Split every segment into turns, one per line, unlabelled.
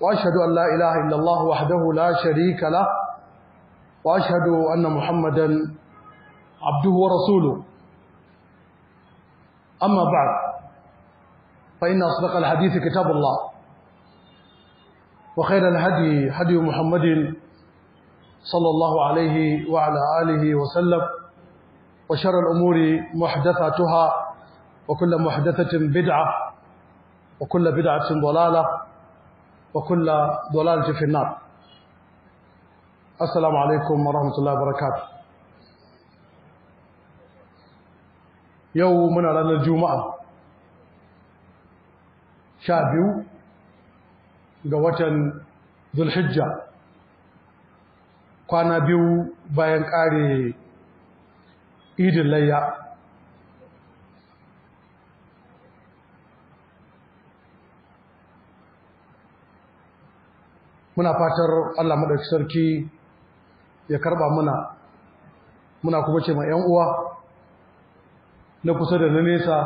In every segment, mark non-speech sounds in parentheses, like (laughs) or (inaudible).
وأشهد أن لا إله إلا الله وحده لا شريك له وأشهد أن محمدا عبده ورسوله أما بعد فإن أصدق الحديث كتاب الله وخير الهدي هدي محمد صلى الله عليه وعلى آله وسلم وشر الأمور محدثاتها وكل محدثة بدعة وكل بدعة ضلالة وكل ضلالة في النار السلام عليكم ورحمة الله وبركاته من لنا الجمعة شابيو قوة ذو الحجة kwana بيو bayan ƙare إيد layya muna fatar Allah madaukakin sarki ya karɓa muna muna kuma ce ma 'yan uwa na kusa da na nesa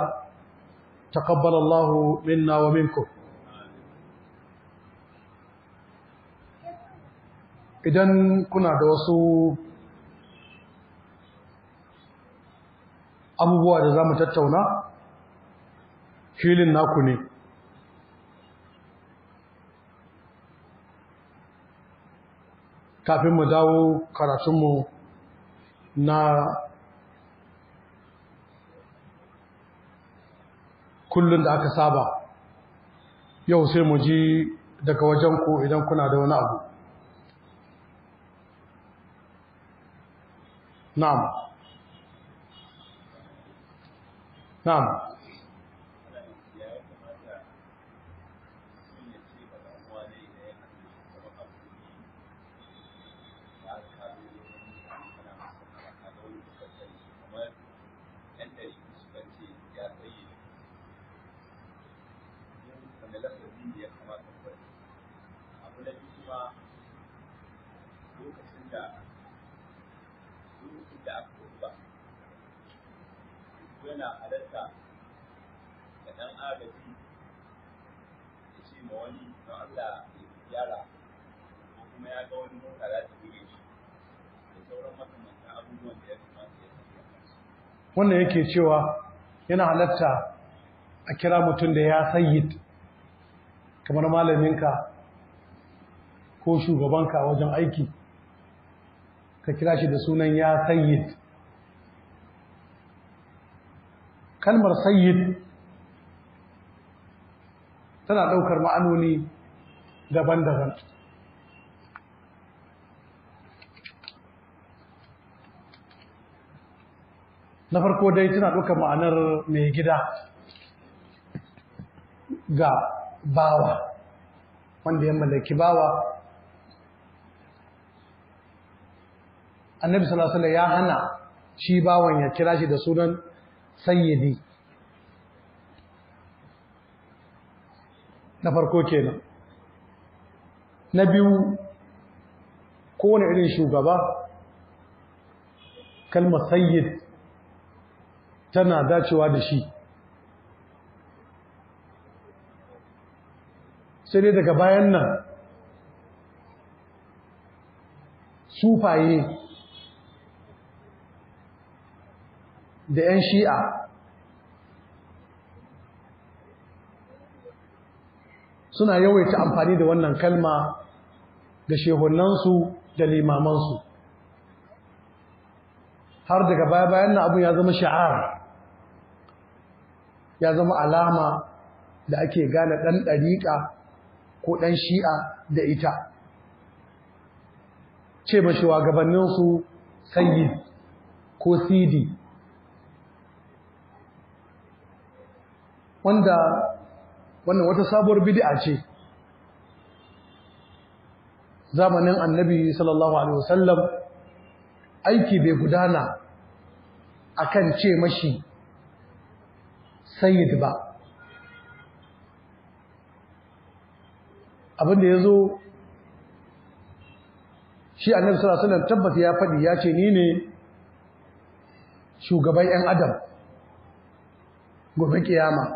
taqabbalallahu minna wa minkum idan kuna da wasu abubuwa da za mu tattauna filin naku ne kafin mu dawo karatunmu na kullum da aka saba yau sai mu ji daga wajen ku idan kuna da wani abu na'am wannan yake cewa yana halatta a kira mutum da ya sayyid kamar malaminka ko shugabanka wajen aiki ka kira shi da sunan ya sayyid kalmar sayyid tana ɗaukar ma'anoni daban-daban na farko dai tana ɗauka ma'anar mai gida ga bawa wanda ya mallaki bawa annabi salasala ya hana shi bawan ya kira shi da sunan sayyidi na farko kenan na biyu kowane irin shugaba kalmar sayyid tana dacewa da shi sai dai daga bayan nan sufaye da 'yan shi'a suna yawaita amfani da wannan kalma da shehunansu da limamansu har daga baya bayan na abin ya zama sha'ara. ya zama alama da ake gane ɗan ɗariƙa ko ɗan shi'a da ita ce ba gabaninsu sayyid ko sidi wanda wannan wata sabuwar bid'a ce zamanin annabi sallallahu alaihi wasallam aiki bai gudana akan ce mashi sayyid ba abinda ya zo shi annabi sallallahu alaihi wasallam tabbata ya faɗi ya ce ni ne shugaban 'yan adam gobe kiyama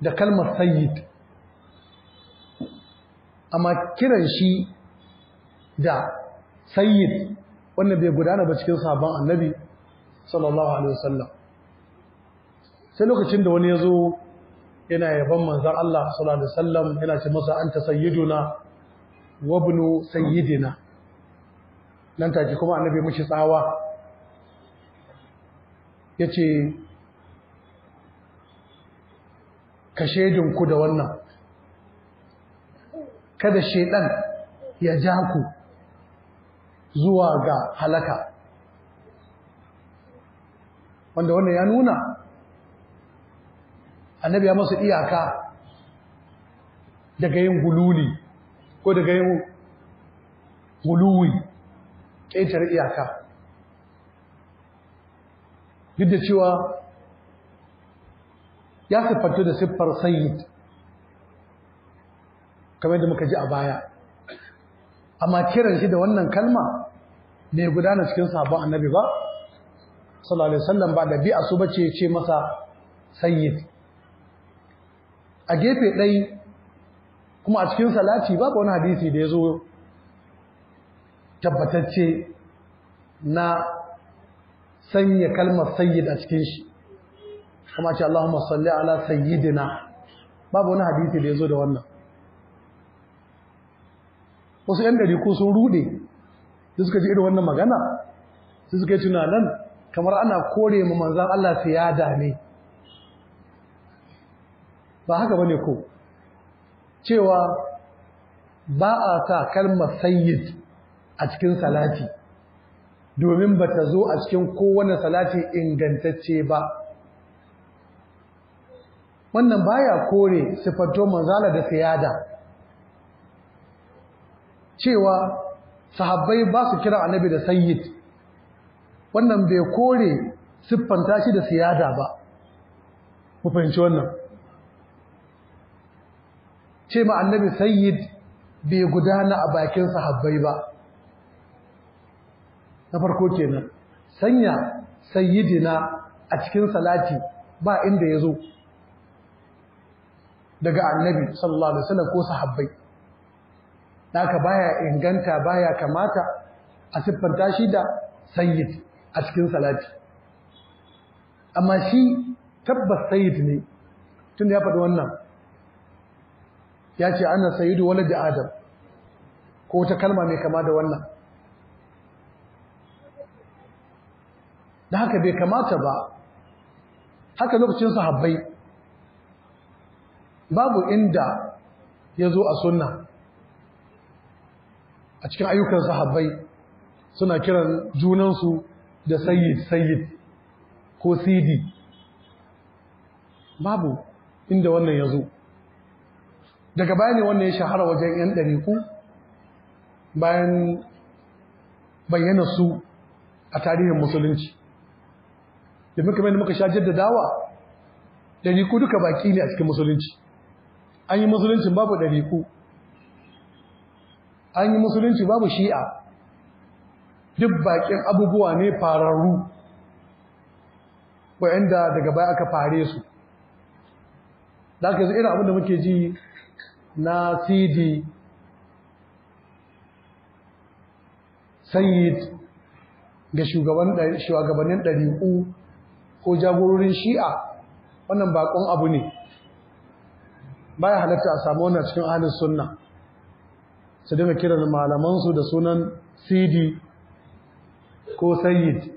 da kalmar sayyid amma kiran shi da sayyid wannan bai gudana ba cikin sabon annabi sallallahu alaihi wasallam sai lokacin da wani ya zo yana yaban manzan Allah sallallahu alaihi wasallam yana ce masa an anta sayyiduna wa ibnu sayyidina nan take kuma annabi mushi tsawa ya ce ka shaidinku da wannan kada shaidan ya ja ku zuwa ga halaka wanda wannan ya nuna annabi ya masu iyaka daga yin gululi ko daga yin guluwi ƙetare iyaka duk da cewa ya siffatu da siffar sayyid kamar da muka ji a baya amma kiran shi da wannan kalma ne gudana cikin sabon annabi ba sallallahu alaihi wasallam ba da bi a su bace ya ce masa sayyid a gefe ɗai kuma a cikin salati ba wani hadisi da ya zo tabbatacce na sanya kalmar sayyid a cikin shi kuma ce Allahumma salli ala sayyidina babu wani hadisi da ya zo da wannan wasu 'yan dari ko sun rude da suka ji irin wannan magana su suka yi tunanin kamar ana kore mu manzan Allah yada ne ba haka bane ko cewa ba a sa kalmar sayyid a cikin salati domin ba ta zo a cikin kowane salati ingantacce ba wannan baya kore sifato manzala da siyada cewa sahabbai ba su kira annabi da sayyid wannan bai kore siffanta shi da siyada ba ku fahimci wannan ce ma annabi sayyid bai gudana a bakin sahabbai ba na farko kenan sanya sayyidina a cikin salati ba inda ya zo daga annabi sallallahu alaihi wasallam ko sahabbai naka baya inganta baya kamata a siffanta shi da sayyid a cikin salati amma shi tabbas sayyid ne tun da ya faɗi wannan ya ce ana sayidu da adam ko ta kalma mai kama da wannan da haka bai kamata ba haka lokacin sahabbai babu inda ya zo a sunna a cikin ayyukan sahabbai suna kiran junansu da sayyid sayyid ko sidi babu inda wannan ya zo daga bayani wannan ya shahara wajen 'yan ɗariku bayan bayyana su a tarihin musulunci muka mai da muka sha jaddadawa ɗariku duka baki ne a cikin musulunci an yi musulunci babu ɗariku an yi musulunci babu shi'a duk bakin abubuwa ne fararru waɗanda daga baya aka fare su da aka yanzu irin da muke ji na cd sayid ga shugabannin ɗari'u ko jagororin shi'a wannan bakon abu ne baya halatta a samu wannan cikin ahalin sunna su dinga kiran malamansu da sunan cd ko sayid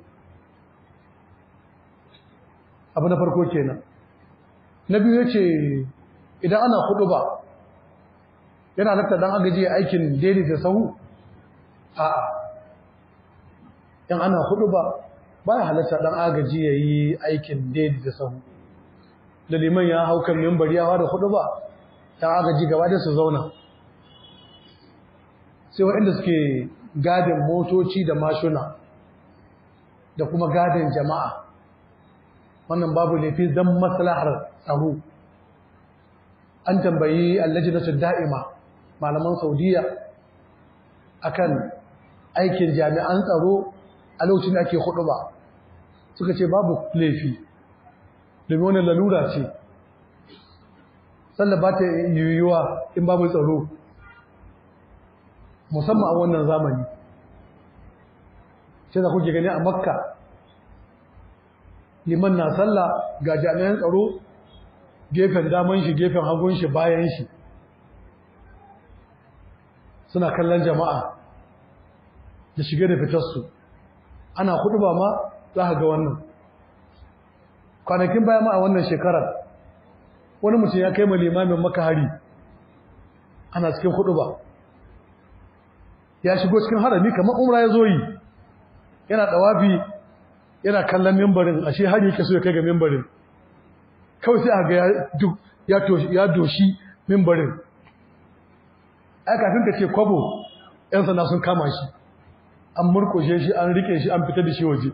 abu na farko kenan na biyu ya ce idan ana hudu ba yana don dan agaji aikin daidai da sahu a'a in ana hudu ba baya halatta dan agaji yi aikin daidai da sahu da liman ya hau kan minbari ya hudu ba dan agaji gaba da su zauna sai waɗanda suke gadin motoci da mashuna da kuma gadin jama'a wannan babu laifi don maslahar tsaro an tambayi allajinatu da'ima malaman saudiya akan aikin jami'an tsaro a lokacin da ake hudu ba suka ce babu laifi domin wani lalura ce sallah ba ta yiwuwa in babu tsaro musamman a wannan zamani sai da kuke gani a makka liman na sallah ga jami'an tsaro gefen daman shi gefen hagun shi bayan shi suna kallon jama'a da shige da fitarsu ana kudu ba ma za ka ga wannan kwanakin baya ma a wannan shekarar wani mutum ya kai ma limamin maka hari ana cikin kudu ba ya shigo cikin harami kamar umra ya zo yi yana dawafi yana kallon mimbarin ashe hari yake so ya kai ga mimbarin kawai sai a ga ya doshi mimbarin ai kafin ka ce kwabo yan sana sun kama shi an murkushe shi an rike shi an fita da shi waje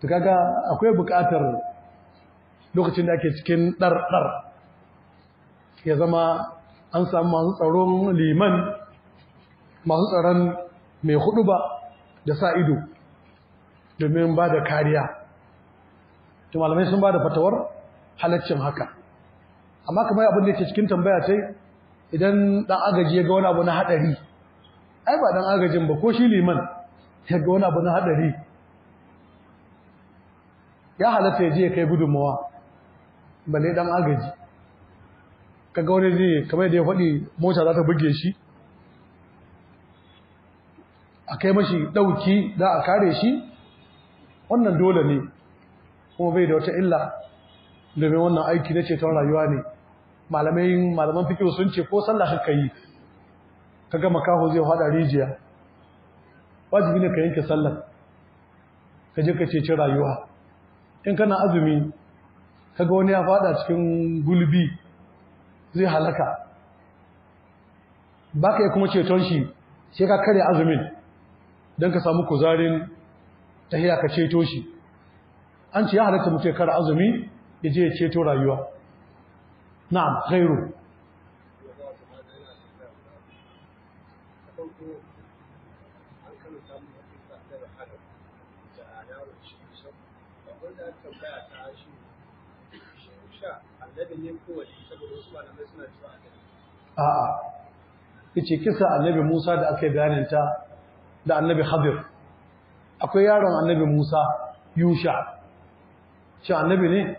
to kaga akwai bukatar lokacin da ake cikin ɗarɗar ya zama an samu masu tsaron liman masu tsaron mai hudu ba da sa ido domin ba da kariya to malamai sun ba da fatawar halaccin haka amma kamar abin da ke cikin tambaya ce idan dan agaji ya ga wani abu na hadari ai ba dan agajin ba ko shi liman ya ga wani abu na hadari ya halatta ya je ya kai gudunmawa balle dan agaji kaga wani ne kamar da ya faɗi mota za ta buge shi a kai mashi ɗauki da a kare shi wannan dole ne kuma bai da wata illa domin wannan aiki na ceton rayuwa ne malamai malaman fikihu sun ce ko sallah ka yi ka gama kaho zai hada rijiya wajibi ne ka yanke sallah ka je ka ceci rayuwa in kana azumi kaga wani ya fada cikin gulbi zai halaka baka yi kuma ceton shi sai ka kare azumin don ka samu kuzarin tahiya ka ceto shi an ce ya halatta mutu ya kare azumi ya je ya ceto rayuwa na'am khairu a'a yace kisa annabi Musa da aka bayanin ta da annabi Khadir akwai yaron annabi Musa Yusha shi annabi ne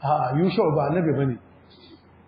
a'a Yusha ba annabi bane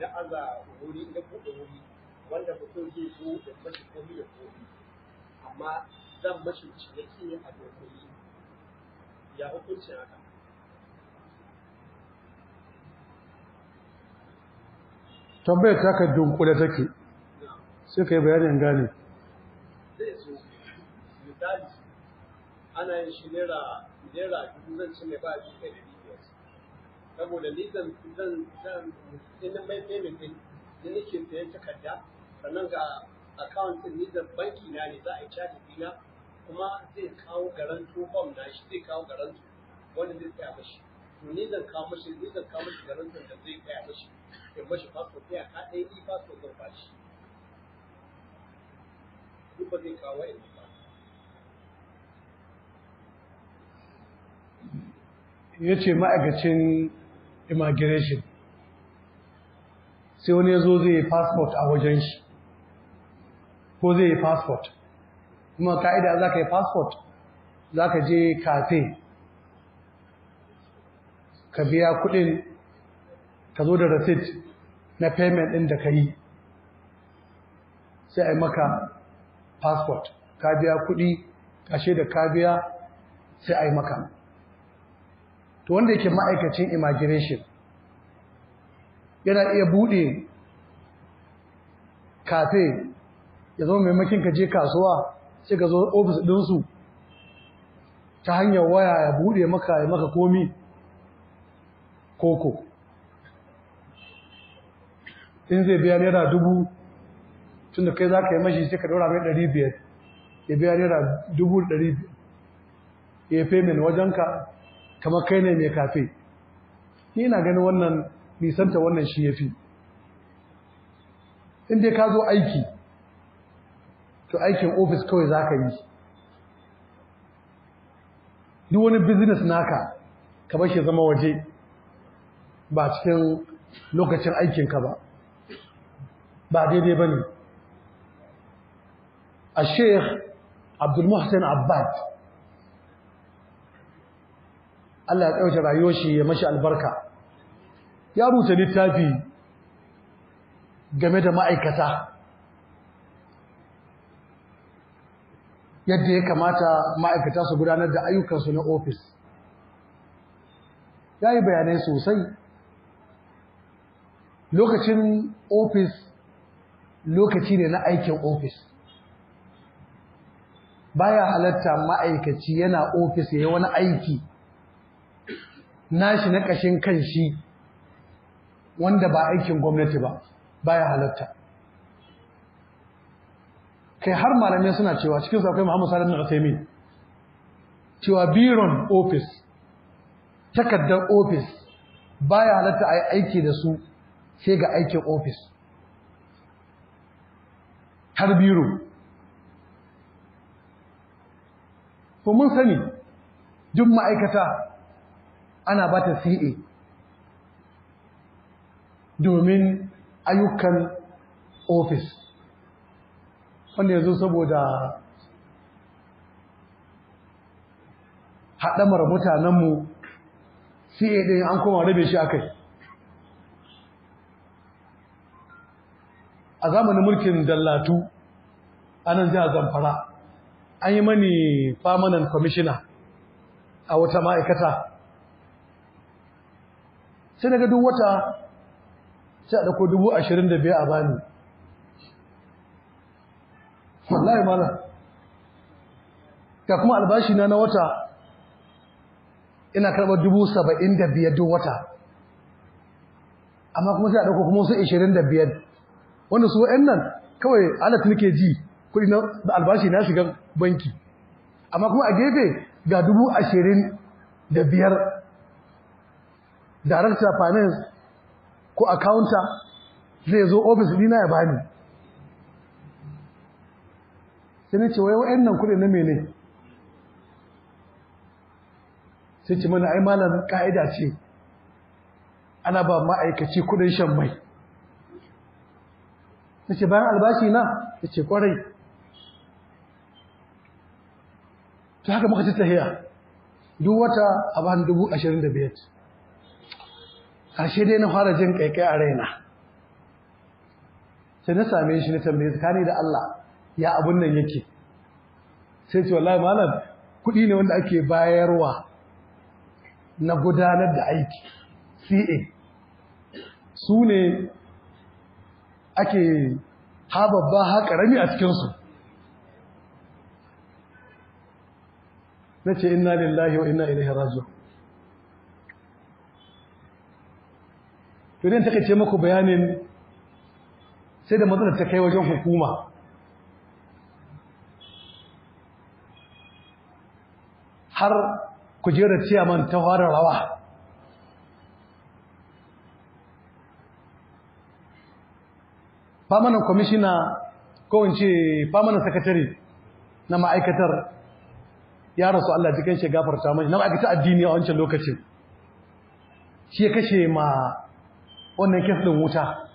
na aza wuri na buɗe wuri wanda mutum zai zo da mashi komi da komi amma zan mashi ciniki ne a dokoki ya hukunci haka
tambayar ta ka dunkule take sai ka yi bayanin gane
zai zo misali ana yin shi naira naira dubu zan ci mai ba a jikin da biyar saboda ni zan zan zan in mai payment din da nake sayan takarda sannan ga account din ni da banki na ne za a yi charge dina kuma zai kawo garanto form na shi zai kawo garanto wanda zai tsaya mashi to ni zan kawo mashi ni zan kawo mashi garanto da zai tsaya mashi in mashi passport sai a ka ɗaya ni passport zan ba shi duk ba zai kawo wa'in ba
ya ce ma'aikacin immigration sai wani ya zo zai yi passport a wajen shi ko zai yi passport kuma ka'ida za ka yi passport za ka je kafe ka biya kudin ka zo da receipt na payment ɗin da ka yi sai a yi maka passport ka biya kudi kashe da ka biya sai a yi maka to wanda yake ma'aikacin immigration yana iya bude kafe ya zama maimakin ka je kasuwa sai ka zo ofis ɗinsu ta hanyar waya ya bude maka ya maka komi koko in zai biya naira dubu tun da kai za ka yi mashi sai ka ɗora mai ɗari biyar ya biya naira dubu ɗari biyar ya yi payment wajenka kamar kai ne mai kafe ni ina ganin wannan nisanta wannan shi ya fi. dai ka zo aiki to aikin ofis kawai za ka yi duk wani business naka ka bar shi zama waje ba cikin lokacin aikinka ba ba daidai ba ne a sheikh abdulmuhsen abbad Allah ya ɗauke rayuwar shi ya mashi albarka ya rubuta littafi game da ma'aikata yadda ya kamata ma'aikata su gudanar da ayyukansu na ofis ya yi bayanai sosai lokacin ofis lokaci ne na aikin ofis baya halatta ma'aikaci yana ofis ya yi wani aiki nashi na ƙashin kan shi wanda ba aikin gwamnati ba baya halatta kai har malamai suna cewa cikin akwai muhammadu Salim na Uthaymeen cewa biron ofis, takardar ofis, baya halatta a yi aiki da su sai ga aikin ofis. har biro ko mun sani duk ma'aikata ana ba ta fi’e domin ayyukan ofis wanda ya zo saboda haɗamar mutanenmu CA ɗin an koma rabe shi akai a zamanin mulkin dallatu a nan jihar zamfara an yi mani famanan kwamishina a wata ma'aikata sai ga duk wata sai a ɗauko dubu ashirin da biyar a bani wallahi mana ga kuma albashi na na wata ina karɓar dubu saba'in da biyar duk wata amma kuma sai a ɗauko kuma wasu ashirin da biyar wanda su wa'in nan kawai alat ke ji kuɗi na albashi na shiga banki amma kuma a gefe ga dubu ashirin da biyar director finance ko accountant zai zo office dina ya bani sai na ce wai wa'annan kuɗi na mene sai ce mana ai malam ka'ida ce ana ba ma'aikaci kuɗin shan mai ta ce bayan albashi na ta ce kwarai ta haka muka ci tahiya duk wata a bani dubu ashirin da biyar ƙarshe dai na fara jin kaikai a raina sai na same shi na tambaye tsakani da Allah ya abun nan yake sai ce wallahi malam kuɗi ne wanda ake bayarwa na gudanar da aiki CA su ne ake ha babba ha ƙarami a cikinsu na ce inna lillahi wa inna ilaihi raji'un to ta take ce muku bayanin sai da matsalar ta kai wajen hukuma har kujerar ciyaman ta fara rawa famanan kwamishina ko famanan sakatare na ma'aikatar ya rasu Allah jikin shi gafarta mai na ma'aikatar addini a wancan lokacin shi ya kashe ma wannan kes ɗin wuta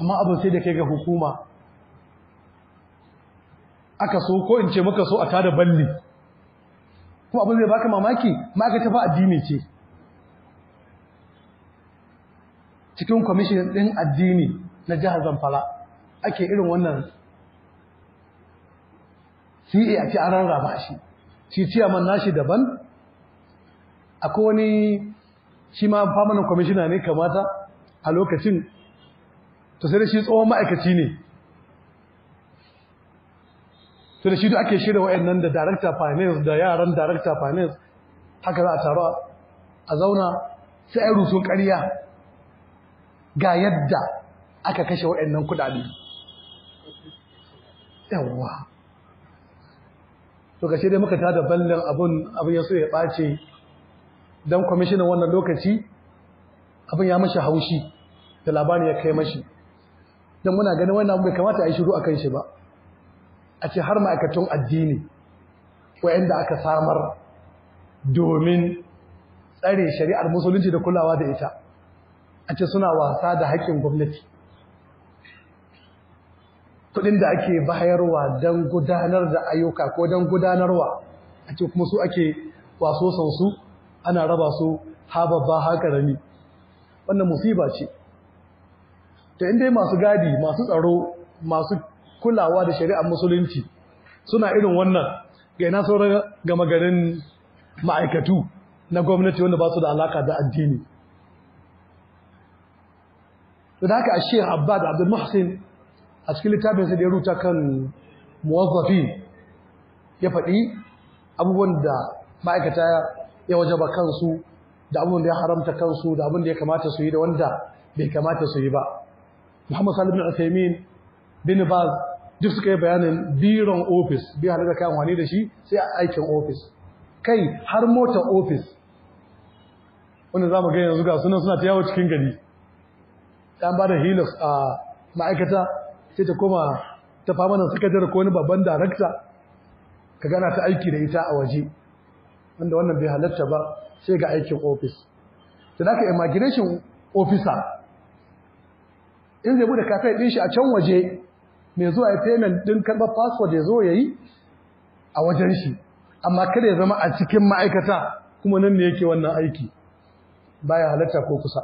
amma abin sai da kai ga hukuma aka so ko in ce muka so a tada balli kuma abin zai baka mamaki ma ma'aikata fa addini ce cikin kwamishin ɗin addini na jihar zamfara ake irin wannan CA a ce an rarraba shi shi ciyaman nashi daban akwai wani shi ma permanent kwamishina ne kamata a lokacin to sai da shi tsohon ma'aikaci ne to da shi duk ake shirya wa'annan da director finance da yaran director finance haka za a taro a zauna sai ai rusun ƙarya ga yadda aka kashe wa'annan kudade yawwa to ga dai muka tada ballin abun abun ya so ya ɓace don kwamishinan wannan lokaci abin ya mashi haushi da labari ya kai mashi don muna ganin wannan bai kamata a yi shiru a kan shi ba a ce har ma'aikatun addini wa'anda aka samar domin tsare shari'ar musulunci da kulawa da ita a ce suna wasa da haƙƙin gwamnati kudin da ake bayarwa don gudanar da ayyuka ko don gudanarwa a ce kuma su ake waso sansu ana raba su haka hakarami wannan musiba ce ta inda masu gadi masu tsaro masu kulawa da shari'ar musulunci suna irin wannan ga ina sauran gama garin ma'aikatu na gwamnati wanda ba su da alaka da addini da haka a Abba da abdul muhsin a cikin littafinsa da ya ruta kan muwazzafi ya faɗi abubuwan da ma'aikata ya wajaba kansu da abin da ya haramta kansu da abin da ya kamata su yi da wanda bai kamata su yi ba Muhammad Salim al Uthaymeen bin Baz duk suka yi bayanin biron office bi halar da kayan wani da shi sai a aikin office kai har mota office wanda za mu ga yanzu ga sunan suna ta yawo cikin gari ɗan ba da hilux a ma'aikata sai ta koma ta da sakatare ko wani babban darakta ka gana ta aiki da ita a waje wanda wannan bai halatta ba sai ga aikin ofis da haka imagination officer in zai bude kafin ɗin shi a can waje mai zuwa ya payment ɗin karɓar passport ya zo ya yi a wajen shi amma kada ya zama a cikin ma'aikata kuma nan ne yake wannan aiki baya halatta ko kusa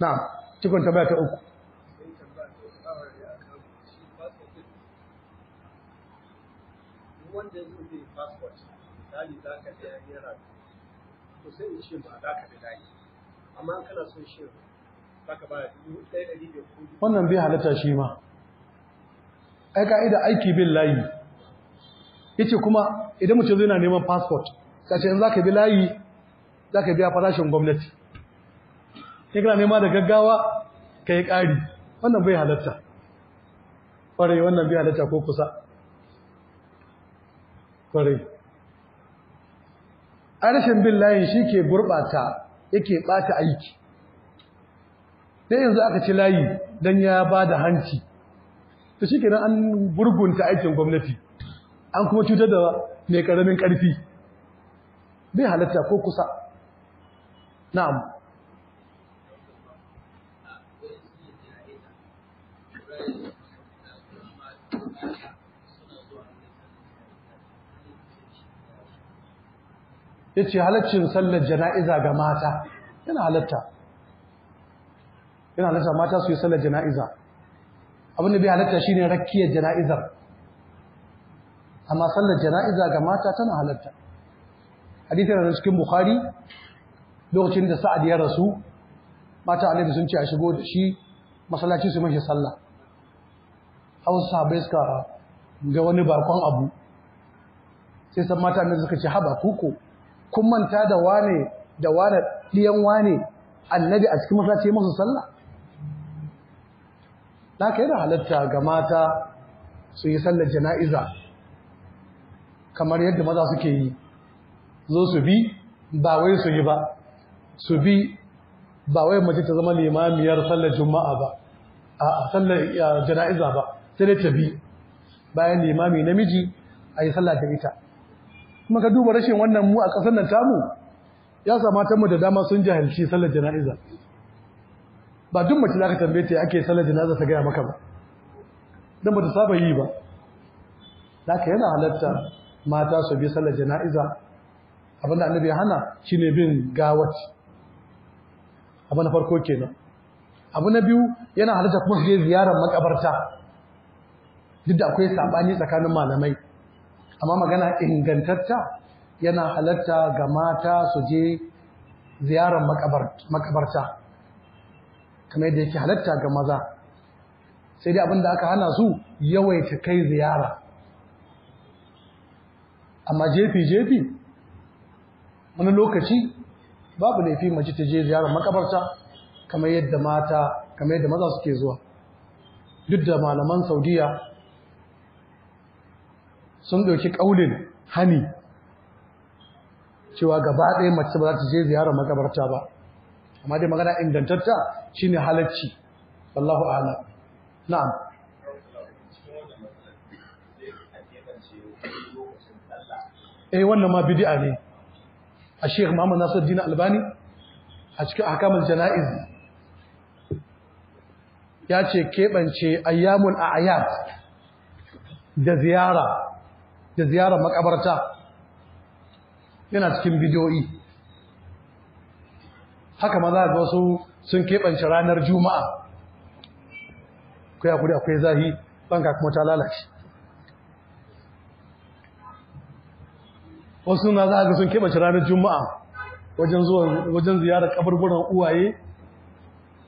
na cikin baya ta uku
wanda misali za ka biya naira to sai in ce ba za ka amma kana son shi za ka ba dubu ɗaya ɗari da wannan bai halatta shi
ma ai ka'ida aiki bin layi yace kuma idan mutum zai na neman passport ka ce in za ka bi layi za ka biya farashin gwamnati in kana nema da gaggawa ka yi ƙari wannan bai halatta ƙwarai wannan bai halatta ko kusa ƙwarai a rashin bin layin shi ke gurɓata yake ɓata aiki sai yanzu aka ci layi don ya ba da hanci to shi kenan an gurgunta aikin gwamnati an kuma cutar da mai ƙaramin ƙarfi bai halatta ko kusa na'am yace halaccin sallar jana'iza ga mata yana halatta yana halatta mata su yi sallar jana'iza abin da bai halatta shine rakkiyar jana'izar amma sallar jana'iza ga mata tana halatta hadithin da cikin bukhari lokacin da sa'ad ya rasu mata annabi sun ce a shigo da shi masallaci su mashi sallah hausa sahabbai suka ga wani bakon abu sai san mata annabi suka ce haba kuko kun manta da wane da wane ɗiyan wane annabi a cikin masallaci musu sallah da kai da halatta ga mata su yi sallar jana'iza kamar yadda maza suke yi zo su bi ba wai su yi ba su bi ba wai mace ta zama limamiyar sallar juma'a ba a sallar jana'iza ba sai dai ta bi bayan limami namiji a yi sallar da ita kuma ka duba rashin wannan mu a ƙasar nan tamu ya sa matanmu da dama sun jahilci sallar jana'iza ba duk mace za ka tambaye ta ake sallar jana'iza ta gaya maka ba don ba ta saba yi ba da ka yana halatta mata su bi sallar jana'iza abinda annabi ya hana shine bin gawat abu na farko kenan abu na biyu yana halatta kuma su je ziyarar makabarta duk da akwai sabani tsakanin malamai amma magana ingantatta yana halatta ga mata su je ziyarar makabarta kamar yadda yake halatta ga maza sai dai da aka hana su yawaita kai ziyara amma jefi-jefi wani lokaci babu laifi mace ta je ziyarar makabarta kamar yadda mata kamar yadda maza suke zuwa duk da malaman saudiya sun ɗauki ƙaunin hani cewa gaba ɗaya mace ba za ta je ziyara makabarta ba amma dai magana ingantatta shine halacci wallahu a'lam na'am eh wannan ma bid'a ne a Sheikh Muhammad Nasiruddin Albani a cikin ahkamul janaiz ya ce keɓance ayyamul a'yad da ziyara da ziyarar makabarta yana cikin bidiyoyi haka ma za ga wasu sun keɓance ranar juma'a kai kuri akwai zahi banka kuma ta lalace wasu na za a ga sun keɓance ranar juma'a wajen zuwa wajen ziyarar kaburburan uwaye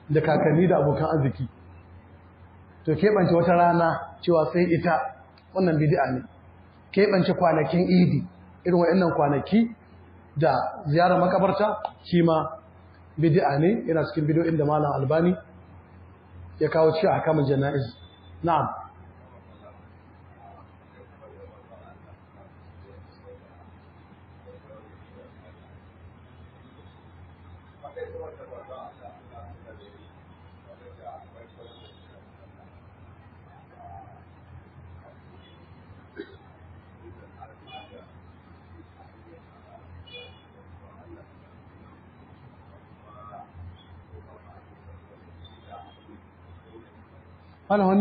da kakanni da abokan arziki to keɓance wata rana cewa sai ita wannan bidi'a ne keɓance kwanakin idi irin wa'annan kwanaki da ziyarar makabarta shi ma bidi'a ne yana cikin bidiyo inda malam albani ya kawo ci a kamun jana'iz na'am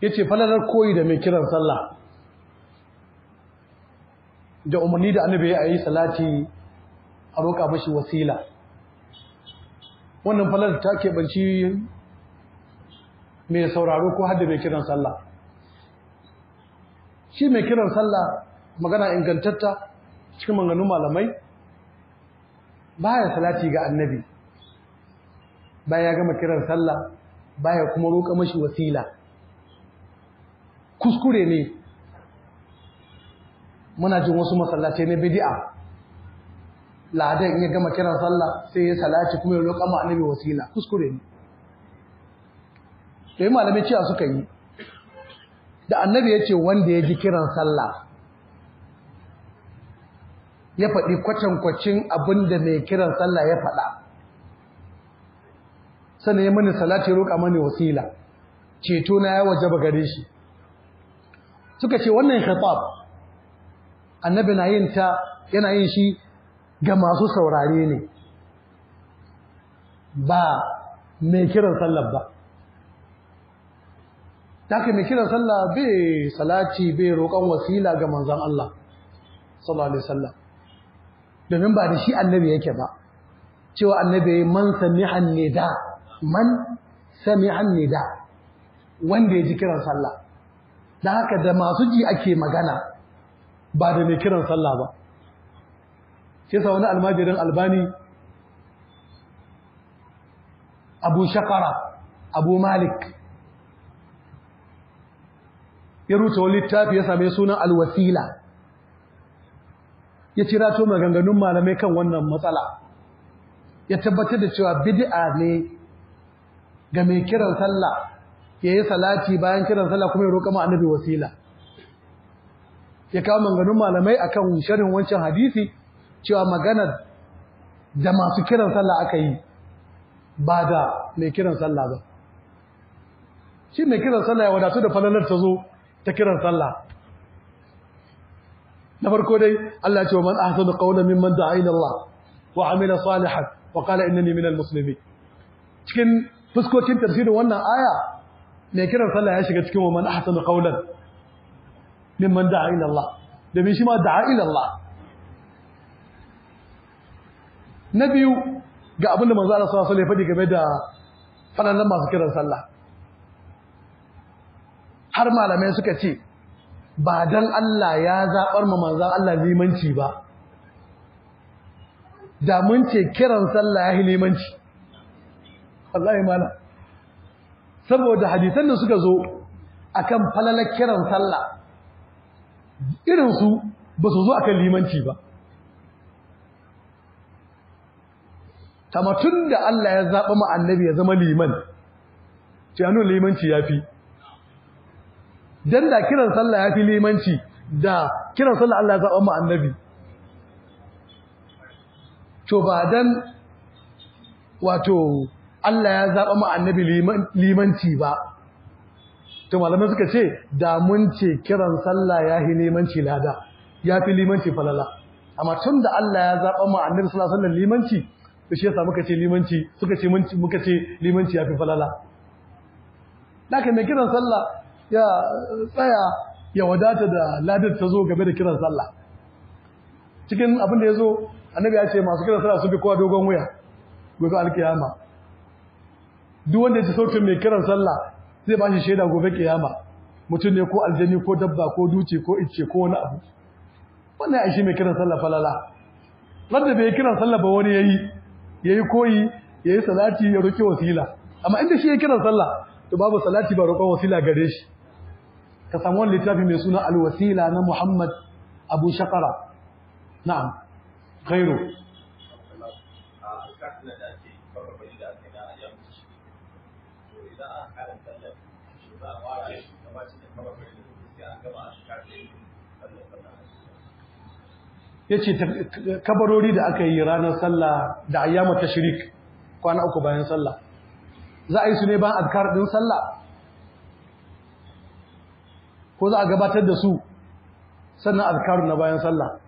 ya ce falalar koyi da mai kiran sallah da umarni da annabi ya yi salati a roƙa mashi wasila wannan falalar ta keɓanci mai sauraro ko hadda mai kiran sallah shi mai kiran sallah magana ingantatta cikin manganu malamai baya salati ga annabi baya ya gama kiran sallah baya kuma roƙa mashi wasila kuskure ne muna jin wasu masallace na bid'a ladan ya gama kiran sallah sai ya salati kuma ya roƙa ma annabi wasila kuskure ne to yi malamai cewa suka yi da annabi ya ce wanda ya ji kiran sallah ya faɗi kwatankwacin abin da mai kiran sallah ya faɗa sannan ya mani salati roƙa mani wasila ceto na ya wajaba gare shi suka ce wannan khitab annabi na yin ta yana yin shi ga masu saurare ne ba mai kiran sallar ba haka mai kiran sallah bai salati bai roƙon wasila ga manzan Allah sallallahu alaihi domin ba da shi annabi yake ba cewa annabi man ne da. man sami'a da wanda ya ji kiran sallah da haka da masu ji ake magana ba da mai kiran sallah ba ce sa wani almajirin albani abu shakara abu malik ya rute wani littafi ya same sunan alwasila ya cira to maganganun malamai kan wannan matsala ya tabbatar da cewa bid'a ne ga mai kiran sallah ya yi salati bayan kiran sallah kuma ya roƙa ma wasila ya kawo manganun malamai akan shirin wancan hadisi cewa magana da masu kiran sallah aka yi ba da mai kiran sallah ba shi mai kiran sallah ya wadatu da falalar ta zo ta kiran sallah na farko dai Allah ce wa man ahsanu qawlan mimman da'a ila Allah wa amila salihan wa qala innani minal muslimin cikin fuskokin tafsirin wannan aya mai kiran sallah ya shiga cikin waman ahsanu qawlan mimman da'a ila Allah bin shi ma da'a ila Allah na biyu ga abin da manzo Allah sallallahu alaihi wasallam ya fadi game da fananan masu kiran sallah har malamai suka ce ba dan Allah ya zabar ma manzon Allah limanci ba da mun ce kiran sallah ya limanci wallahi mala saboda hadisan da suka zo akan falalar kiran sallah irin su ba su zo akan limanci ba tamatun da Allah ya zaba mu annabi ya zama liman ce anu limanci ya fi dan da kiran sallah ya fi limanci da kiran sallah Allah ya zaba mu annabi to ba dan wato Allah ya zaɓa ma annabi limanci ba to malamai suka ce da ce kiran sallah ya fi limanci lada ya fi limanci falala amma tun da Allah ya zaɓa ma annabi sallah alaihi limanci to shi yasa muka ce limanci suka ce muka ce limanci ya fi falala Daka mai kiran sallah ya tsaya ya wadata da ladar ta zo game da kiran sallah. Cikin abin da ya zo, annabi ya ce masu kiran sallah sun fi kowa dogon wuya, gobe alkiyama. duk wanda ya sautin mai kiran sallah zai ba shi shaida gobe kiyama mutum ne ko aljani ko dabba ko duce ko icce ko wani abu wannan ya shi mai kiran sallah falala wanda bai kiran sallah ba wani yayi yayi koyi yayi salati ya roki wasila amma inda shi ya kiran sallah to babu salati ba roƙon wasila gare shi ka samu wani littafi mai suna alwasila na Muhammad Abu Shakara na'am khairu Ya ce kabarori da aka yi ranar sallah da ayyamar tashrik kwana uku bayan sallah za a yi su ne ban adkar din sallah ko za a gabatar da su sannan adkar na bayan sallah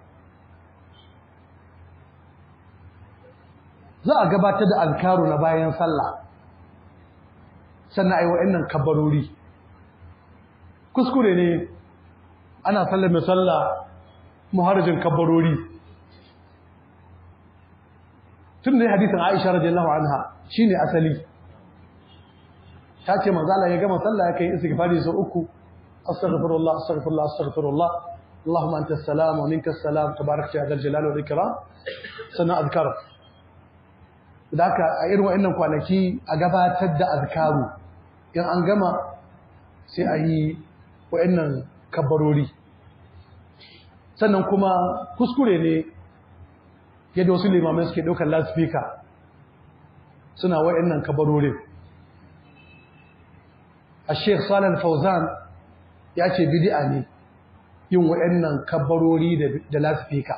za a gabatar da alkaru na bayan sallah sannan a yi wa'annan kabarori kuskure ne ana sallar mai sallah maharajin kabbarori tun da hadisin Aisha radiyallahu anha shine asali ta ce la ya gama sallah ya kai istighfari sau uku astaghfirullah astaghfirullah astaghfirullah اللهم انت السلام ومنك السلام تبارك يا ذا الجلال والاكرام سنة اذكار ذاك irin wa'annan kwanaki a gabatar da azkaru in an gama sai a yi wa'annan kabbarori sannan kuma kuskure ne yadda wasu limamai suke ɗaukar lasifika suna nan kabarorin a sheikh salal fauzan ya ce bidi'a ne yin nan kabarori da lasifika.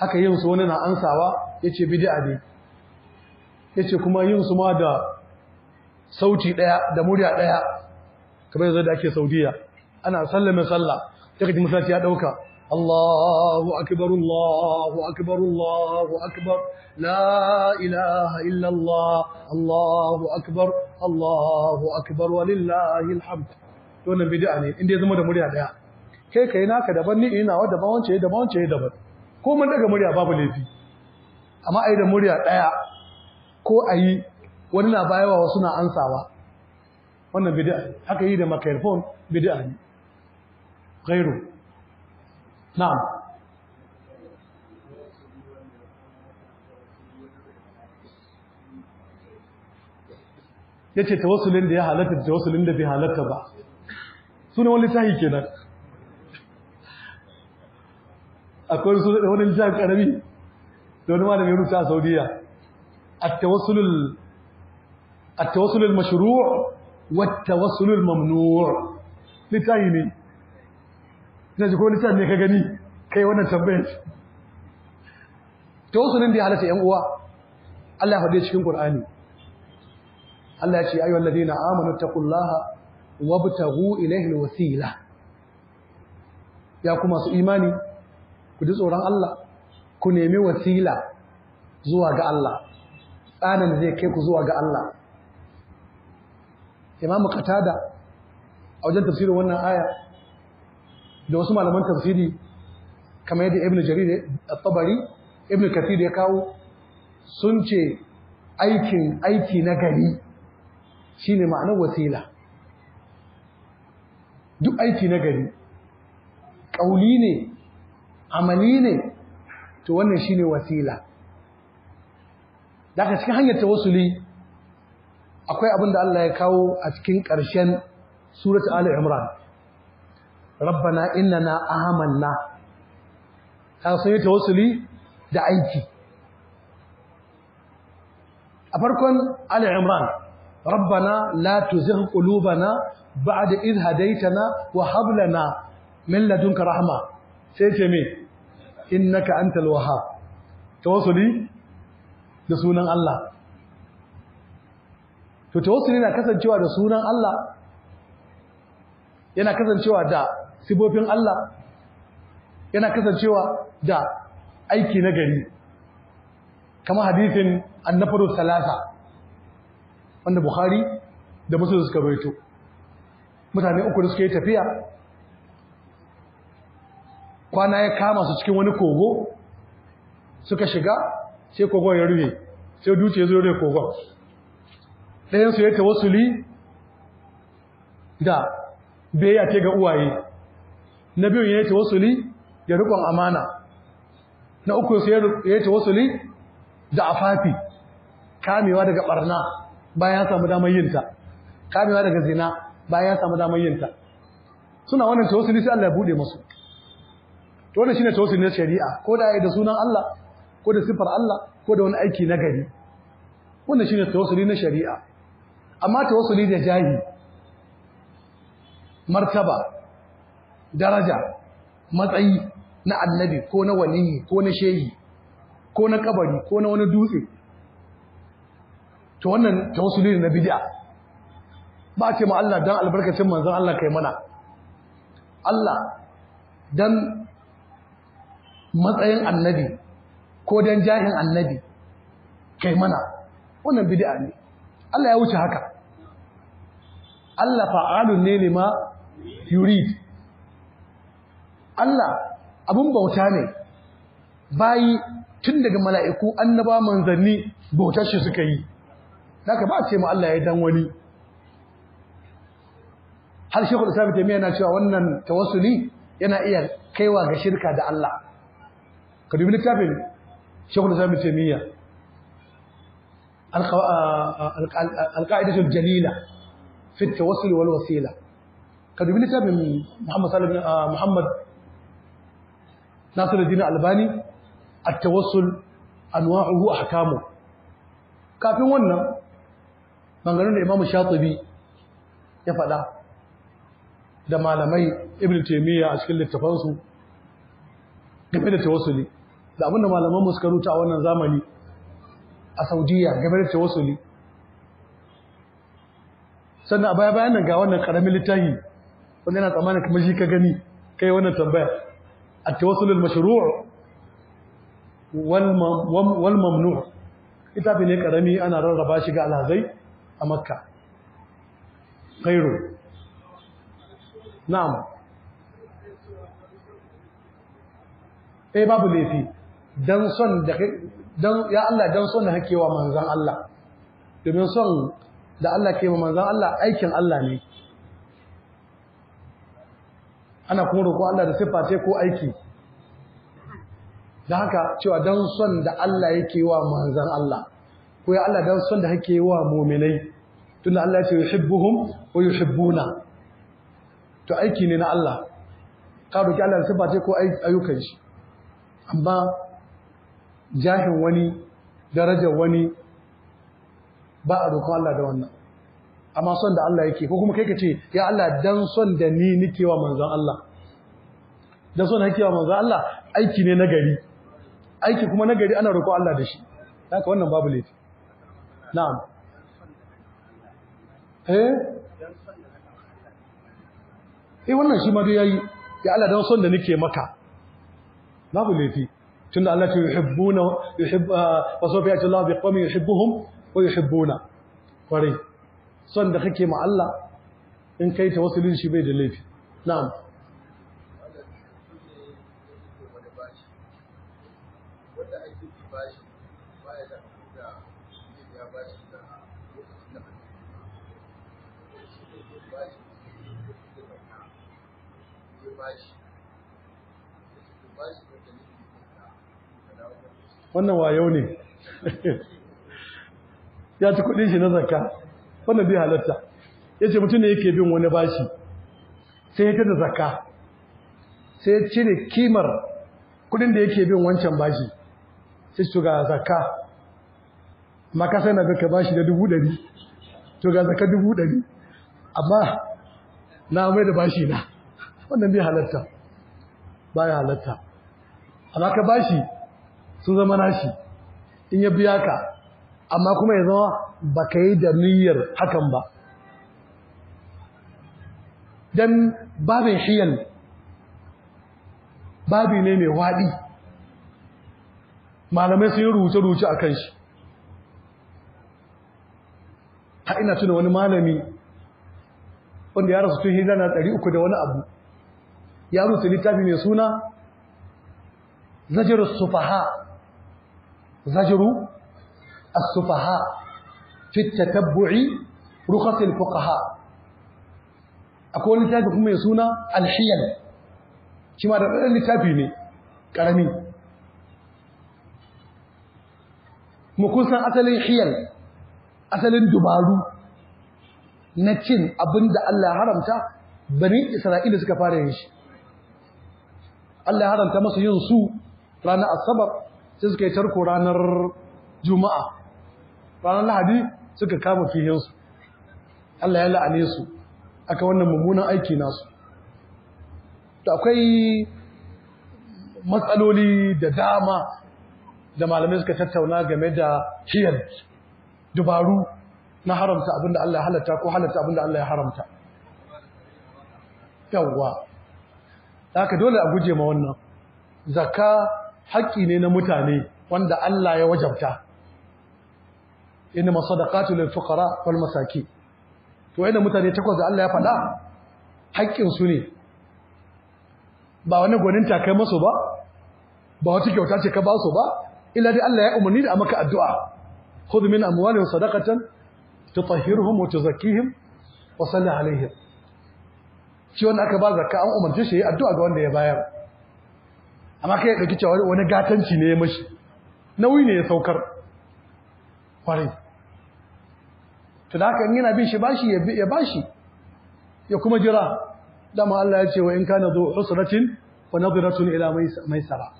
haka yin su wani na ansawa ya ce bidi'a ne ya ce kuma yin su ma da sauti ɗaya da murya ɗaya kamar yanzu da ake saudiya ana sallame sallah sai ji masallaci ya ɗauka. Allahu akibar Allahu akibar Allahu akibar la ilaha illa Allah Allahu akibar Allahu akbar walillahi alhamd to nan bid'a ne inda ya zama da murya daya kai kai naka daban ni ina wa daban wance daban wance daban ko mun daga murya babu laifi amma ai da murya daya ko ayi wani na bayawa wasu na ansawa wannan bid'a haka yi da microphone bid'a ne غيره نعم ya ce tawassulin da ya halatta da tawassulin da bai halatta ba su ne wani littafi kenan akwai su da wani littafi karami da wani malami rubuta a saudiya at-tawassulul at-tawassulul mashru' wat-tawassulul mamnu' littafi ne na ji ko littafi ne ka gani kai wannan tambayar ta wasu nan da ya halatta ‘yan uwa Allah ya faɗe cikin ƙur'ani Allah ya ce ayyuan ladina amanu taqullaha wabtaghu ilayhi wasila. ya kuma su imani ku ji tsoron Allah ku nemi wasila zuwa ga Allah tsanan zai kai ku zuwa ga Allah Imam katada a wajen tafsirin wannan aya da wasu malaman tafsiri kamar yadda ibn jarir da tabari ibn da ya kawo sun ce aikin aiki na gari ne ma'anar wasila duk aiki na gari ƙauli ne amali ne to wannan shine wasila daga cikin hanyar wasuli akwai abin da Allah ya kawo a cikin ƙarshen suratul ali imran rabbana innana amanna ta sun yi tawassuli da aiki a farkon ali imran rabbana la tuzigh qulubana ba'da id hadaytana wa hab na, min ladunka rahma sai ce me ka antal wahhab tawassuli da sunan Allah to tawassuli na kasancewa da sunan Allah yana kasancewa da sifofin Allah yana kasancewa da aiki na gari kamar hadisin annafaru salasa wanda Bukhari da musulun suka rawaito mutane uku da suka yi tafiya kwana ya kama su cikin wani kogo suka shiga sai kogon ya rufe sai duce zo da kogon ɗayansu ya tawasuli da bai ga uwaye na biyu ya yi wasuli da rikon amana na uku ya yi wasuli da afafi kamewa daga barna bayan ya samu damar yinta kamewa daga zina bayan ya samu damar yinta suna wannan wasuli sai Allah ya bude musu to wannan shine wasuli na shari'a ko da yi da sunan Allah ko da sifar Allah ko da wani aiki na gari wannan shine wasuli na shari'a amma wasuli da jahi martaba daraja matsayi na annabi ko na waliyi ko na shehi ko na kabari ko na wani dutse to wannan tawassuli na bid'a ba ce ma Allah dan albarkacin manzon Allah kai mana Allah dan matsayin annabi ko dan jahin annabi kai mana wannan bid'a ne Allah ya wuce haka Allah fa'alun ne lima yurid Allah abin bauta ne bayi tun daga mala'iku an annaba manzanni bautar shi suka yi daga ba ce mu Allah ya dan wani har shekul islam taimiyya na cewa wannan tawassuli yana iya kaiwa ga shirka da Allah ka dubi littafin shekul islam taimiyya alƙa'idatul uh, uh, jalila fi tawassuli wal wasila ka dubi littafin muhammad uh, dina albani a tawassul anwa'uhu ahkamu kafin wannan maganganun da imamu shatibi ya faɗa da malamai ibn taymiya a cikin littafansu game da tawassuli da abinda malaman mu suka a wannan zamani a saudiya game da tawassuli sannan a baya bayan nan ga wannan karamin littafi wanda yana tsammanin kuma shi ka gani kai wannan tambaya التوسل المشروع والممنوع littafi ne karami ana rarraba shi ga alhazai a makka Kairu na'am eh babu laifi dan son da dan ya Allah dan son da hakewa manzon Allah domin son da Allah ke manzon Allah aikin Allah ne ana kuma roƙo Allah da siffa ce ko aiki da haka cewa don son da Allah yake wa manzan Allah ko ya Allah don son da hake wa muminai tun da Allah ya ce yuhibbuhum wa yuhibbuna to aiki ne na Allah ka roƙi Allah da siffa ce ko ayyukan shi amma jahin wani darajar wani ba a roƙo Allah da wannan amma son da Allah yake ko kuma kai ka ce ya Allah dan son da ni nike wa manzon Allah dan son nake wa manzon Allah aiki ne nagari aiki kuma nagari ana roƙo Allah da shi haka wannan babu laifi na'am eh eh wannan shi ma dai yayi ya Allah dan son da nike maka babu laifi tunda Allah ya yuhibbuna yuhibbu ah, wa sawfa ya'ti Allah biqawmin yuhibbuhum wa yuhibbuna kwarai son da kake ma Allah in kai ta wasu shi bai da laifi na'am wannan wayo ne (laughs) ya ci kudin shi na zakka wannan halarta halatta ce mutum ne yake bin wani bashi sai ya tada zaka sai ya cire kimar kudin da yake bin wancan bashi sai su ga zaka maka sai na zaka bashi da dubu ɗari to ga zaka dubu ɗari amma na mai da bashi na wannan bai halatta ya halatta amma ka bashi sun zama nashi in ya biya ka amma kuma ya zama ba ka yi da niyyar hakan ba don babin shiyan babi ne mai waɗi malamai sun yi rubuce-rubuce a kan shi ha ina tuna wani malami wanda ya rasu tun hijira na uku da wani abu ya rute littafi mai suna zajiru sufaha zajiru a sufaha fi tatabbu'i rukhasil fuqaha akwai wani littafi kuma mai suna alhiyal shi ma da ɗan littafi ne ƙarami mu kun san asalin hiyal asalin dubaru na cin abin da Allah haramta bani isra'ila suka fara yin shi Allah haramta masu yin su ranar asabar sai suka yi tarko ranar juma'a ranar lahadi suka kama fihinsu Allah ya la'ane su aka wannan mummunan aiki nasu to akwai matsaloli da dama da malamai suka tattauna game da hiyar dubaru na haramta abinda Allah ya halatta ko halatta abinda Allah ya haramta yawwa haka dole a guje ma wannan zakka haƙƙi ne na mutane wanda Allah ya wajabta inna masadaqatu lil fuqara wal masaki to wayannan mutane takwas da Allah ya faɗa haƙƙin su ne ba wani gwanin takai masu ba ba wata kyauta ce ka ba su ba illa dai Allah ya umarni da maka addu'a khudh min amwalihim sadaqatan tutahhiruhum wa tuzakkihim wa salli alaihim shi wanda aka ba zakka an umarci shi addu'a ga wanda ya bayar amma kai ya dauki wani gatanci ne ya mashi nauyi ne ya saukar kwarai to da haka in yana bin shi bashi ya bashi ya kuma jira dama Allah ya ce wa in kana zu usratin wa nadratun ila maisara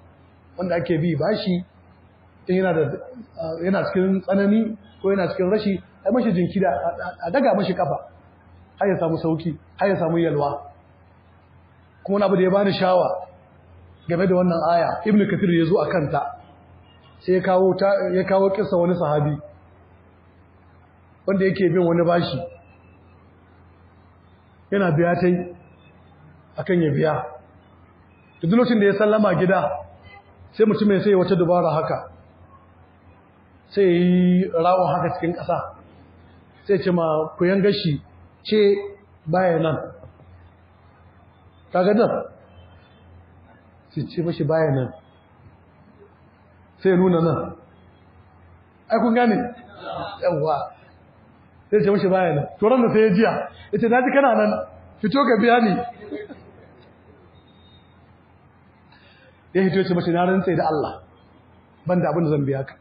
wanda ake bi bashi in yana da yana cikin tsanani ko yana cikin rashi ai mashi jinkida a daga mashi kafa har ya samu sauki har ya samu yalwa kuma wani abu da ya bani shawa game da wannan aya ibnu kathir ya zo a kanta sai ya kawo ya kawo kissa wani sahabi wanda yake bin wani bashi yana biya ta yi a kan ya biya da lokacin da ya sallama gida sai mutumin sai wata dubara haka sai yi rawon haka cikin ƙasa sai ce ma kuyan gashi ce baya nan kaga gadar” sai ce mashi baya nan sai nuna nan ai kun gane sai ce mishi baya nan to ran da sai ya jiya yace na ji kana nan fito ka biya ni ya hito ce mace na rantse da Allah ban da abin da zan biya ka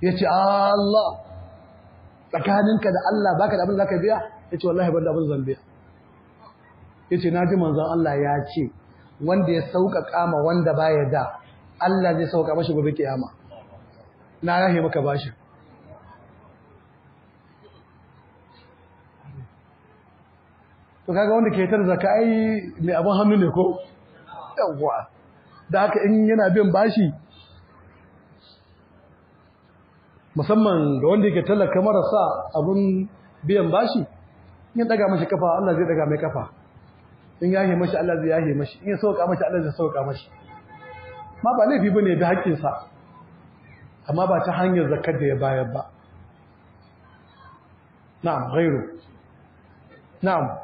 ya ce Allah tsakaninka da Allah baka da abin da zaka biya ya ce wallahi ban da abin da zan biya ya ce na ji manzan Allah ya ce wanda ya sauƙaƙa ma wanda baya da Allah zai sauƙa mashi gobe kiyama na rahe maka bashi to kaga wanda ke tar zaka ai mai abin hannu ne ko yawa da haka in yana bin bashi musamman ga wanda yake talaka marasa abun biyan bashi in daga mashi kafa Allah zai daga mai kafa in ya yi mashi Allah zai yahe mashi in ya sauka mashi Allah zai sauka mashi ma ba laifi bane da hakkin sa amma ba ta hanyar zakar da ya bayar ba na'am ghairu na'am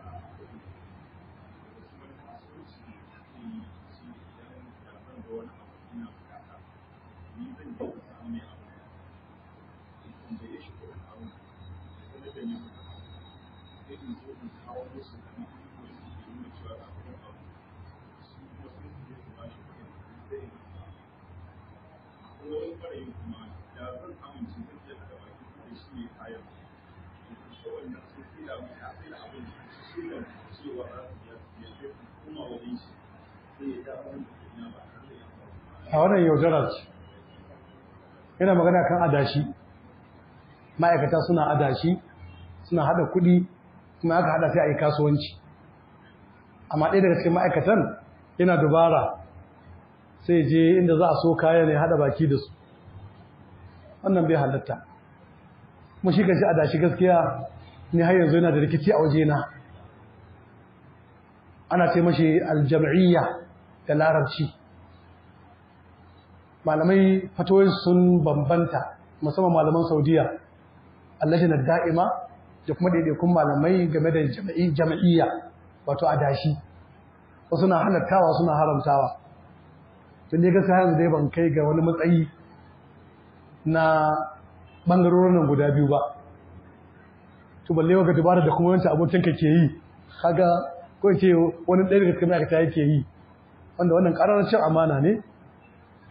a wannan yaudarar ce yana magana kan adashi ma'aikata suna adashi suna haɗa kuɗi kuma aka haɗa sai a yi kasuwanci amma ɗaya daga cikin ma'aikatan yana dubara sai je inda za a so kaya ya hada baki da su wannan bai halatta mu shi kan shi adashi gaskiya ni har yanzu yana da rikici a wajena ana ce mashi aljam'iyya da larabci malamai fatoyin sun bambanta musamman malaman saudiya allajina da'ima da kuma daidaikun malamai game da jama'iyya wato adashi wasu suna halattawa suna haramtawa tun da gaskiya yanzu dai ban kai ga wani matsayi na ɓangarorin nan guda biyu ba to balle ga dubara da kuma wancan abokin ka ke yi kaga ko ce wani ɗaya daga cikin ma'aikata yake yi wanda wannan ƙararrancin amana ne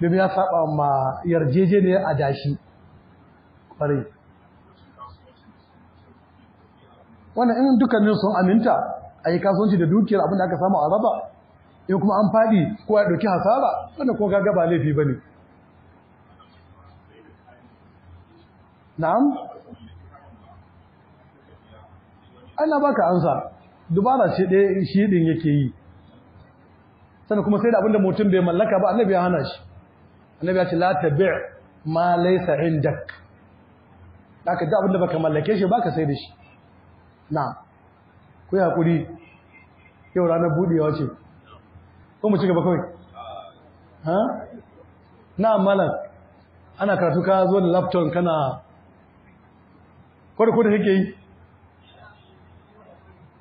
domin ya saba ma yarjejeniyar adashi kwarai wannan in dukkanin sun aminta a yi kasuwanci da dukiyar abinda aka samu a raba in kuma an faɗi ko ya ɗauki hasara wanda ko gaga ba laifi ba ne na'am ana baka ansa dubara shi ɗaya shi ɗin yake yi sannan kuma sai da abinda mutum bai mallaka ba annabi ya hana shi annabi ya ce la tabi' ma laysa indak haka da da baka mallake shi baka sai da shi na ku yi hakuri yau ranar budewa ce ko mu ci gaba kawai ha na malam ana karatu ka zo da laptop kana kwarko da kake yi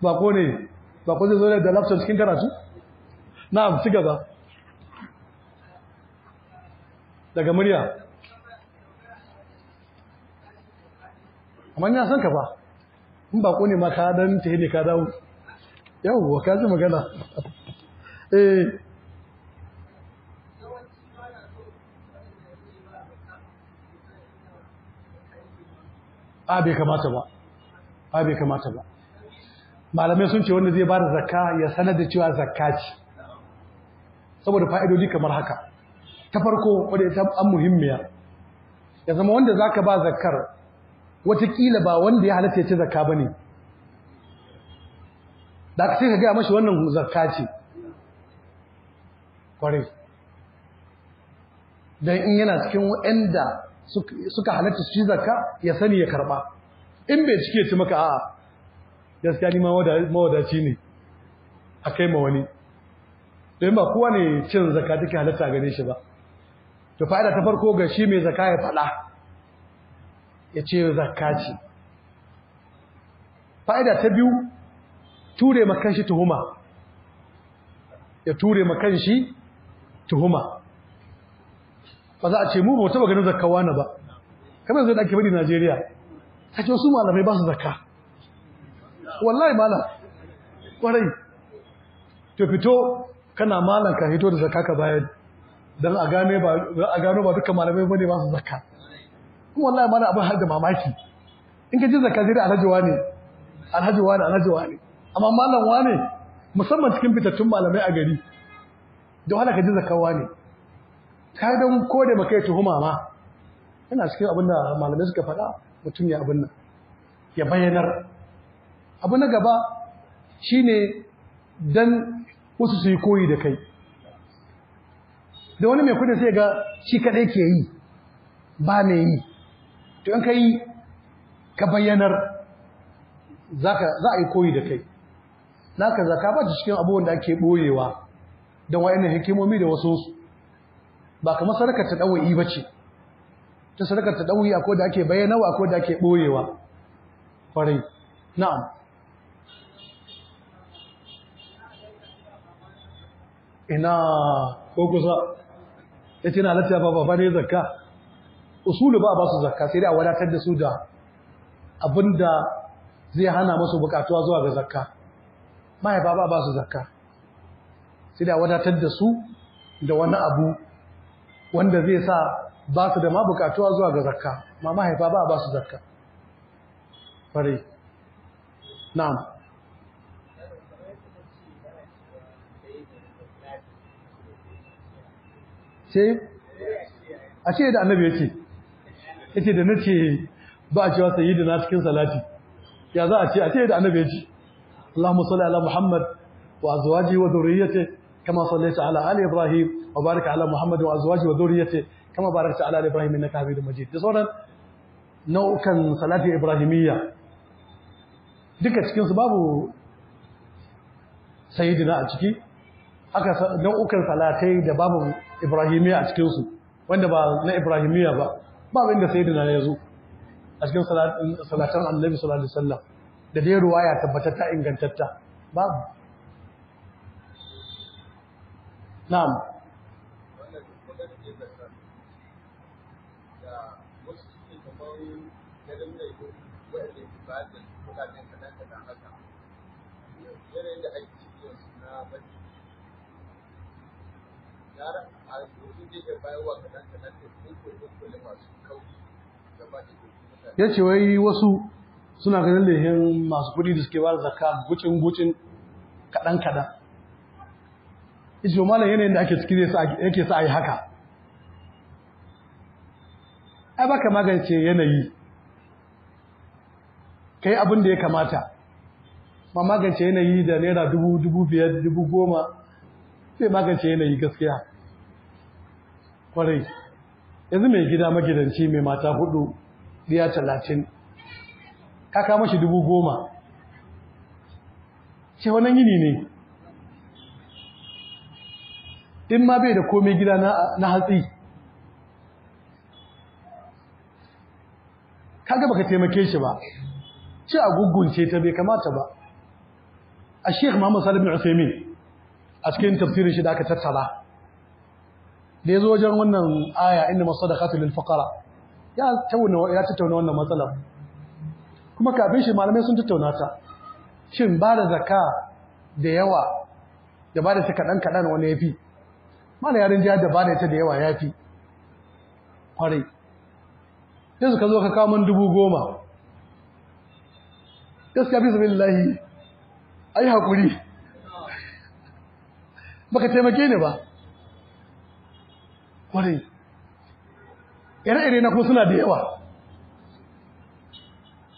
ba ko ne ba ko zai zo da laptop cikin karatu na ci gaba daga murya amma ya san ka ba in ba ko ne ma ka dan ta ne ka dawo yawwa ka ji magana eh a bai kamata ba a bai kamata ba malamai sun ce wanda zai ba da zakka ya sanar da cewa zakka ce saboda fa'idodi kamar haka ta farko wadda ta an muhimmiya ya zama wanda za ka ba zakar watakila ba wanda ya halatta ya ci zakka ne. da aka sai ka gaya mashi wannan zakka ce kwarai don in yana cikin waɗanda suka halatta su ci zakka ya sani ya karɓa in bai cike ci maka a'a gaskiya ni mawadaci ne a kai ma wani don ba kowa ne cin zakka take halatta gane shi ba to fa'ida ta farko ga shi mai zakka ya faɗa ya ce zakka ce fa'ida ta biyu ture makan shi tuhuma ya ture makan shi tuhuma ba za a ce mu ba wata ganin zakkawa na ba kamar zai ɗake bari najeriya ta ce wasu malamai ba su zaka. wallahi malam kwarai to fito kana malam ka hito da zakka ka bayan don a gano ba dukkan malamai bane ba su zakka kuma wallahi mana abin har da mamaki in ka ji zakka zai alhaji wane alhaji wane alhaji wane amma malam wane musamman cikin fitattun malamai a gari da wahala ka ji zakka wane ka dan ko da yi tuhuma ma yana cikin abin da malamai suka faɗa mutum ya abin nan ya bayyanar abu na gaba shine dan wasu su yi koyi da kai da wani mai kudin sai ga shi kadai ke yi ba mai yi to in ka yi ka bayyanar za a yi koyi da kai naka ka baci cikin abubuwan da ake boyewa don wa'annan hikimomi da wasu su ba kamar sadakar ta dawo'i ba ce ta sadakar ta dawo'i akwai da ake bayyanawa akwai da ake boyewa kwarai na'am ina ko kusa ya ce na halatta ba ba ne zakka usulu ba ba su zakka sai dai a wadatar da su da abinda zai hana masu bukatuwa zuwa ga zakka mahaifa ba ba su zakka sai dai a wadatar da su da wani abu wanda zai sa ba su da ma bukatuwa zuwa ga zakka ma mahaifa ba ba su zakka fare na'am ce a ce da annabi yake
yace da nace
ba a cewa sayyidina cikin salati ya za a ce a ce da annabi ce. Allahumma salli ala Muhammad wa azwaji wa dhurriyyati kama sallaita ala ali Ibrahim wa barik ala Muhammad wa azwaji wa dhurriyyati kama barakta ala ali Ibrahim innaka Hamidum Majid da sauran nau'ukan salati ibrahimiyya duka cikin su babu sayyidina a ciki aka nau'ukan salatai da babu ibrahimiya a cikinsu wanda ba na ibrahimiya ba babu inda sai dina ya zo a cikin salatan annabi sallallahu alaihi wasallam da dai ruwaya tabbatatta ingantatta babu na'am da
a rubutun da da masu kauri da Ya ce wai wasu
suna ganin lehin masu kuɗi da suke ba da zakka gucin gucin kaɗan kaɗan. ishe ce malam yanayin da ake ciki yake sa a yi haka. Ai baka magance yanayi. Kai abin da ya kamata. ba magance yanayi da naira dubu dubu biyar dubu goma baka ce yanayi gaskiya kwarai yanzu mai gida magidanci mai mata hudu biya talatin ka kama shi dubu goma ce wannan yini ne in ma bai da komai gida na hatsi kaga baka taimake shi ba ci a gugunce ta bai kamata ba a sheikh muhammad salim al-usaimin a cikin tafsirin shi da aka tattala da ya zo wajen wannan aya inda masu da katin lalfakara? ya tattauna wannan matsalar kuma kafin shi malamai sun tattauna ta shin ba da zaka da yawa da ba da ta kaɗan kaɗan wani ya fi mana yarin jihar da ba da ita da yawa ya fi kwarai yanzu ka zo ka kamun dubu goma gaskiya fi sabi lillahi ai haƙuri baka taimake ni ba Wani ire-ire na kuma suna da yawa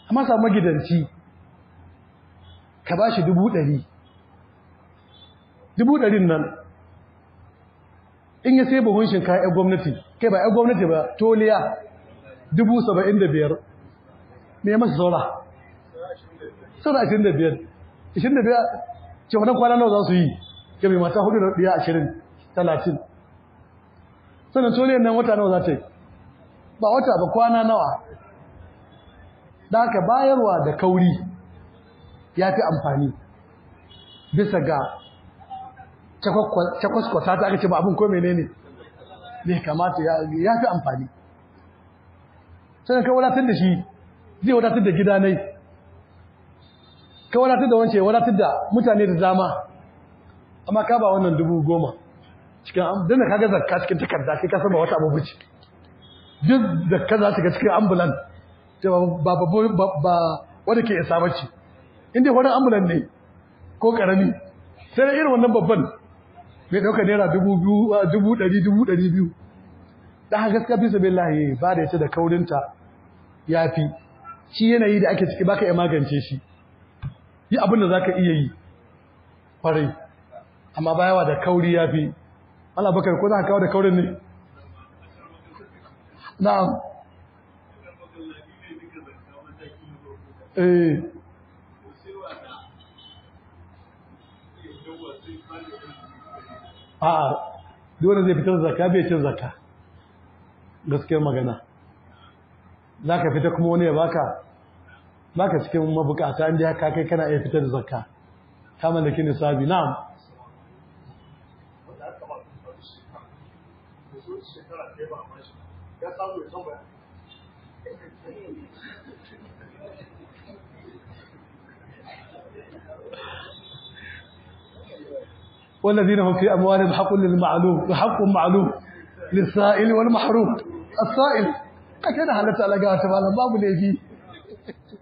amma samu magidanci ka ba shi dubu ɗari dubu ɗarin nan in ya sai buhun shinka ya gwamnati kai ba ya gwamnati ba toliya dubu saba'in da biyar me masu saura saura ashirin da biyar ashirin da biyar ce wadda kwana nawa za su yi ke mai mata hudu da ɗaya ashirin talatin sannan toliyar nan wata nawa za ta yi ba wata ba kwana nawa da haka bayarwa da kauri ya fi amfani bisa ga cakwaskwasa ta aka ce ba abin ko menene ne kamata ya fi amfani sannan ka wadatar da shi zai wadatar da gidanai ka wadatar da wance wadatar da mutane da dama amma ka ba wannan dubu goma cikin dana kaga zakka cikin takarda sai ka san ba wata abu bace duk da ka za ta ga cikin ambulan ba ba ba wanda ke isa bace in dai wani ambulan ne ko karami sai da irin wannan babban mai dauka naira dubu biyu dubu dari dubu dari biyu da haka gaskiya bisa billahi ba da yace da kaurinta yafi shi yanayi da ake ciki baka ya magance shi yi abin da zaka iya yi farai. amma ba yawa da kauri ya fi Allah bakar ko za ka kawo da kaurin ne na'am eh a'a dole zai fitar zakka bai cin zakka gaskiyar magana za ka fita kuma wani ya baka baka cikin mabukata inda ya kai kana iya fitar zakka kama da kini sabi na'am والذين هم في أموالهم حق للمعلوم وحق معلوم للسائل والمحروم السائل أكيد حالة على علاقات على باب ليجي